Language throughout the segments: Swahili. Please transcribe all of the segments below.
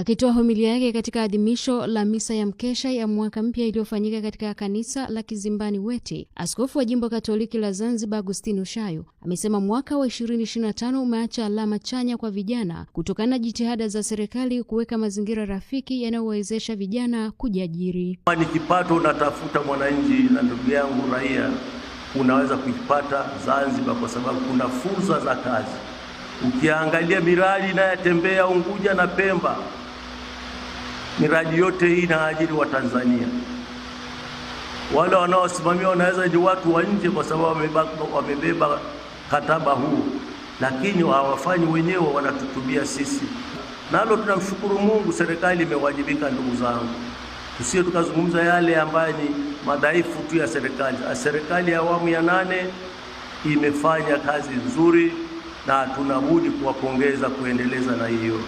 Akitoa homilia yake katika adhimisho la misa ya mkesha ya mwaka mpya iliyofanyika katika kanisa la Kizimbani Weti, askofu wa jimbo Katoliki la Zanzibar Agustino Shayo amesema mwaka wa 2025 umeacha alama chanya kwa vijana kutokana na jitihada za serikali kuweka mazingira rafiki yanayowezesha vijana kujiajiri. Ni kipato unatafuta mwananchi na ndugu yangu raia, unaweza kuipata Zanzibar kwa sababu kuna fursa za kazi. Ukiangalia miradi inayotembea Unguja na Pemba miradi yote hii na wa tanzania Wale wanaosimamia wanaweza ni watu wa nje, kwa sababu wamebeba kataba huu, lakini hawafanyi wenyewe, wanatutubia sisi. Nalo tunamshukuru Mungu, serikali imewajibika. Ndugu zangu, tusiye tukazungumza yale ambayo ni madhaifu tu ya serikali. Serikali ya awamu ya nane imefanya kazi nzuri, na tunabudi kuwapongeza kuendeleza na hiyo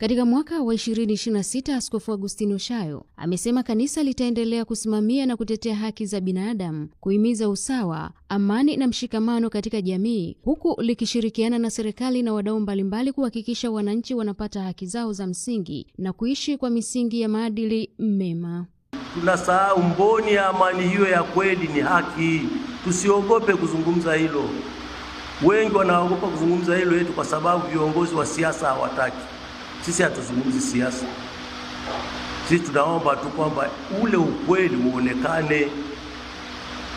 katika mwaka wa 2026 Askofu Agustino Shayo amesema kanisa litaendelea kusimamia na kutetea haki za binadamu, kuhimiza usawa, amani na mshikamano katika jamii, huku likishirikiana na serikali na wadau mbalimbali kuhakikisha wananchi wanapata haki zao za msingi na kuishi kwa misingi ya maadili mema. Tunasahau mboni ya amani hiyo ya kweli ni haki. Tusiogope kuzungumza hilo. Wengi wanaogopa kuzungumza hilo yetu kwa sababu viongozi wa siasa hawataki. Sisi hatuzungumzi siasa, sisi tunaomba tu kwamba ule ukweli uonekane.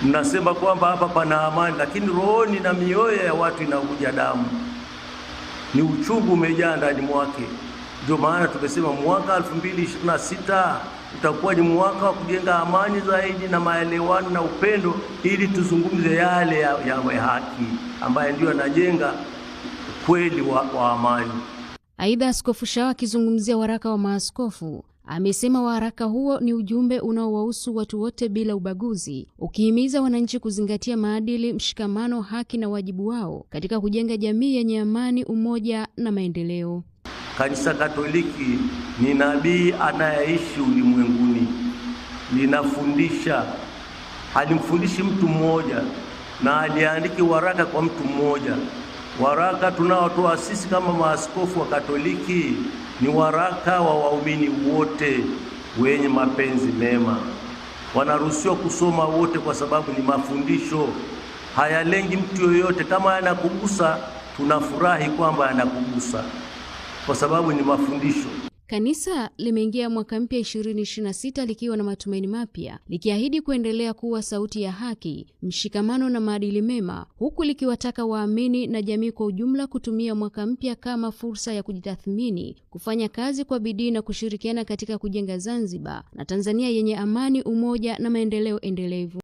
Mnasema kwamba hapa pana amani, lakini rohoni na mioyo ya watu inavuja damu, ni uchungu umejaa ndani mwake. Ndio maana tumesema mwaka 2026 utakuwa ni mwaka wa kujenga amani zaidi na maelewano na upendo, ili tuzungumze yale ya, ya haki ambayo ndio yanajenga ukweli wa, wa amani. Aidha, Askofu Shao akizungumzia waraka wa maaskofu amesema waraka huo ni ujumbe unaowahusu watu wote bila ubaguzi, ukihimiza wananchi kuzingatia maadili, mshikamano, haki na wajibu wao katika kujenga jamii yenye amani, umoja na maendeleo. Kanisa Katoliki ni nabii anayeishi ulimwenguni, linafundisha, alimfundishi mtu mmoja na aliandiki waraka kwa mtu mmoja. Waraka tunaotoa sisi kama maaskofu wa Katoliki ni waraka wa waumini wote wenye mapenzi mema. Wanaruhusiwa kusoma wote, kwa sababu ni mafundisho, hayalengi mtu yoyote. Kama yanakugusa tunafurahi kwamba yanakugusa, kwa sababu ni mafundisho. Kanisa limeingia mwaka mpya 2026 likiwa na matumaini mapya, likiahidi kuendelea kuwa sauti ya haki, mshikamano na maadili mema, huku likiwataka waamini na jamii kwa ujumla kutumia mwaka mpya kama fursa ya kujitathmini, kufanya kazi kwa bidii na kushirikiana katika kujenga Zanzibar na Tanzania yenye amani, umoja na maendeleo endelevu.